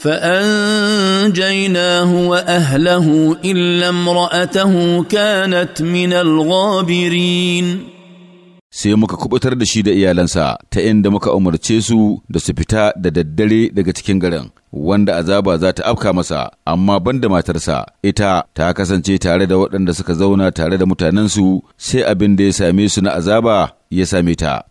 فانجيناه واهله الا امراته كانت من الغابرين sai muka kubutar da shi da iyalansa ta inda muka umarce su da su fita da daddare daga cikin garin wanda azaba za ta afka masa amma banda matarsa ita ta kasance tare da waɗanda suka zauna tare da mutanensu sai abin da ya same su na azaba ya same ta